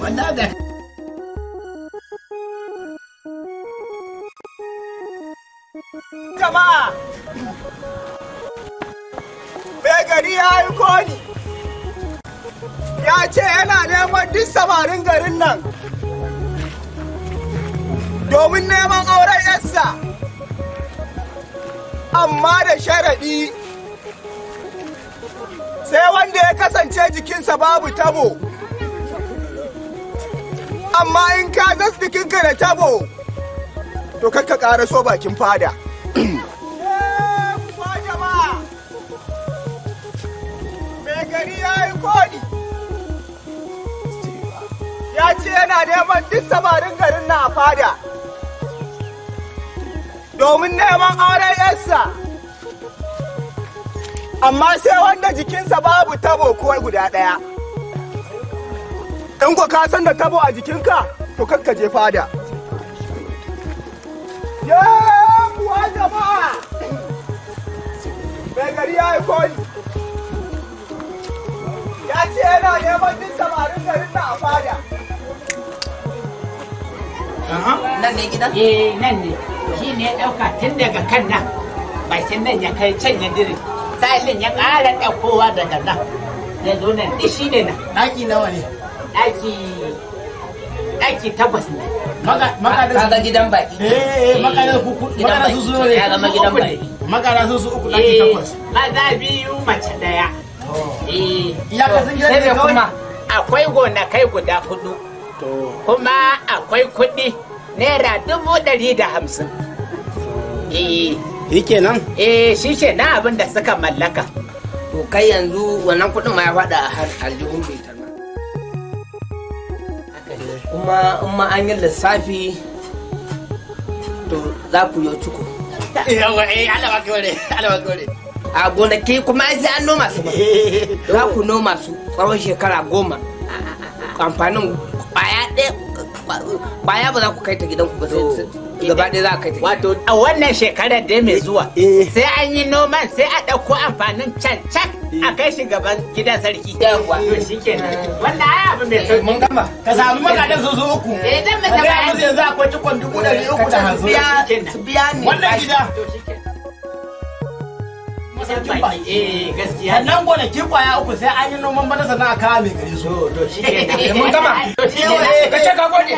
wallahi ga jama'a gari ya yi koni ya ce yana neman duk samarin garin nan domin neman auren yarsa amma da sharaɗi sai wanda ya kasance jikinsa babu tabo amma in ka ka da tabo to ka ƙara so bakin fada ya ce yana neman duk samarin garin na fada domin neman auren yarsa amma sai wanda jikinsa babu tabo kuwa guda ɗaya in ko ka san da tabo a jikinka to kakka je fada ya kuwa jama'a mai gari ya yi koli. ya ce yana neman jin samarin garin na a fada nan ne gidan? eh nan ne shi ne ya ɗauka tun daga kan nan bakin nan ya kai can ya dire sa'ilin ya ƙara ɗaukowa daga nan ya zo nan shi ne nan ɗaki nawa ne ɗaki ɗaki tabbas ne maka gidan baki eh, eh, eh maka su uku gidan su zo ne ya zama gidan baki maka su su uku ɗaki eh, tabbas maza biyu mace daya oh. eh ya ka gidan ne kuma akwai gonakai guda hudu kuma akwai kuɗi naira dubu ɗari da hamsin eh shi kenan eh shi kenan abin da suka mallaka to kai yanzu wannan kuɗin ma ya faɗa a aljihun bai kuma in ma an yi lissafi to za ku yi cuku yawa eh baki alawa kore baki kore a gonaki kuma ai sai an noma su ba za ku noma su tsawon shekara goma amfanin baya ba za ku kai ta ku ba sai gaba ɗaya za ka kai ta wato a wannan shekarar da mai zuwa eh, eh. sai an yi noman sai a ɗauko amfanin can can a eh. kai shi gaban gidan sarki yawa to shikenan wanda ai abu mai sauki mun gama ka samu magadan zo zo uku eh dan mai yanzu akwai cikon dubu ɗari uku da hanzu biya ne wannan gida kusan ya nan gonaki kwaya uku sai an yi noman bana sannan a kawo mai gari so to shi ke mun gama ka ce ka gode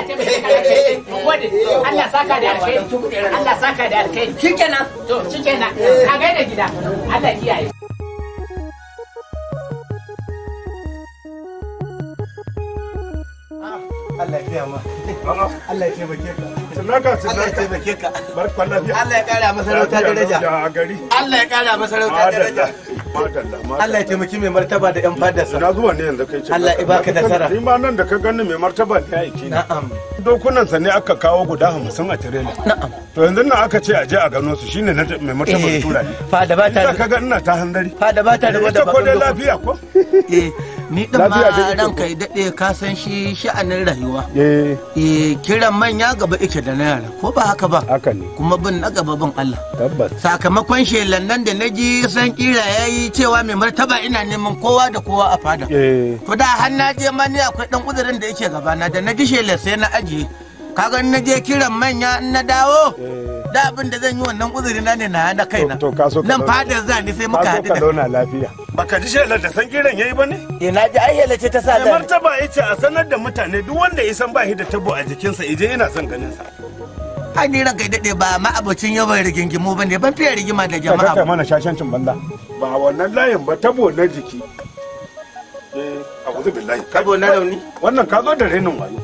gode Allah saka da alkai Allah saka da alkai shikenan to shikenan ka gida Allah kiyaye Allah ya ma Allah ya ka Tunaka tunaka. Allah ya Allah ya kara masarauta daraja. Allah ya Allah ya taimaki mai martaba da yan fadarsa. Na zuwa ne yanzu kai ce. Allah ya baka nasara. Ni ma nan da ka gani mai martaba da yake. Na'am. Dokunan sa ne aka kawo guda 50 a tirela. Na'am. To yanzu nan aka ce a je a gano su shine na mai martaba tura ne. Fa da ba ta. Ka ga ina ta hanzari. Fa da ba da wanda ba. Ko dai lafiya ko? Eh. ni din ma ranka ya daɗe ka san shi sha'anin rayuwa eh, eh kiran manya gaba ike da na yara ko ba haka ba haka ne kuma bin na gaba bin Allah tabbas sakamakon shelan nan da naji san kira yayi cewa mai martaba ina neman kowa da kowa a fada eh. Ko da har na je ma ni akwai dan uzurin da yake gabana da naji shelan sai na ajiye kaga na je kiran manya in na dawo eh. da abin da zan yi wannan uzuri na ne na na kaina to ka so nan fadar za ni sai muka haɗu da launa lafiya baka ji shelar da san kiran yayi ba ne eh na ji ai helace ta sa da martaba yace a sanar da mutane duk wanda ya san ba shi da tabo a jikinsa ije yana son ganin sa Ai ni ranka daɗe ba ma abocin yawan rigingimu ba ne ban fiye rigima da jama'a ba mana shashancin banza ba wannan layin ba tabo na jiki eh a guzu billahi tabo na rauni wannan ka zo da renin wayo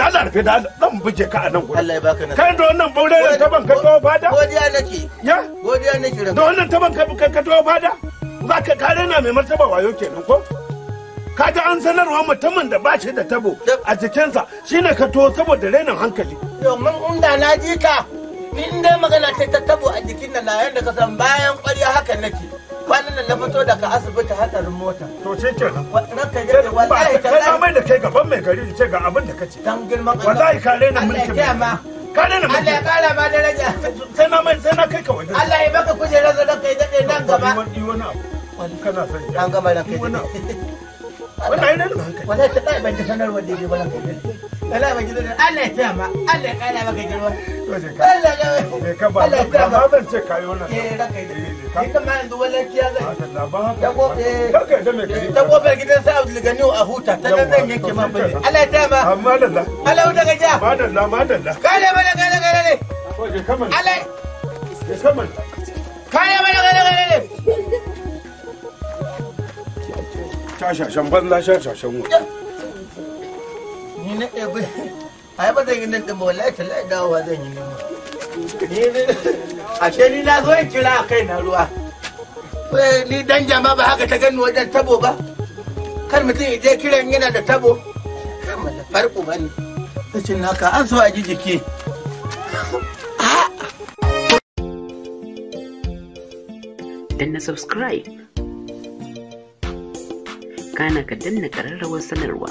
da Allah rufe da dan buge ka a nan gurin Allah ya baka nan kai da wannan baure da ta banka to fada godiya nake ya godiya nake da wannan ta banka ka to fada za ka kare na mai martaba wayo kenan ko ka ta an sanarwa mutumin da ba shi da tabo a jikinsa ne ka to saboda renin hankali domin inda na ji ka in dai magana ta ta tabo a jikin nan na yadda ka san bayan ƙwarya haka nake kwanan nan na fito daga asibiti hatsarin mota to shi kenan ranka ya wallahi ta mai da kai gaba gari in ce ga abin da kace dan girman Allah wallahi ka rena mulkin ka rena mulkin Allah ya kara ba daraja sai na mai sai na kai ka waje Allah ya baka kujerar da kai dade nan gaba wani wani abu kana san dan gaba da kai wani wannan ne hankali wallahi ta ban ta sanarwa dai dai wallahi Allah ba gidan Allah ya tsaya ma Allah ya kara maka girma Allah ya ka ma, Allah ya ba ban ce kai wannan eh ranka eh, yi ma kiya zai Allah ba haka ta gobe kaka da me kai ta gobe gidan sa Abdul Gani a huta ta nan zan yanke ma bane Allah ya tsaya ma amma dalla Allah wuta ga ja ma dalla ma dalla kare mana kare kare ne ko je kaman Allah je kaman kare mana kare kare ne shashashan banza shashashan wuta ni na ɗaya ai ba zan yi nan ɗin ba ta, tallahi dawowa zan yi nan ashe ni na zo in kira a kai na ruwa ni dan jama ba haka ta gani wajen tabo ba kar mutum ya je kiran yana da tabo farko ba ne sashin naka an so a ji jiki danna subscribe kana ka danna kararrawar sanarwa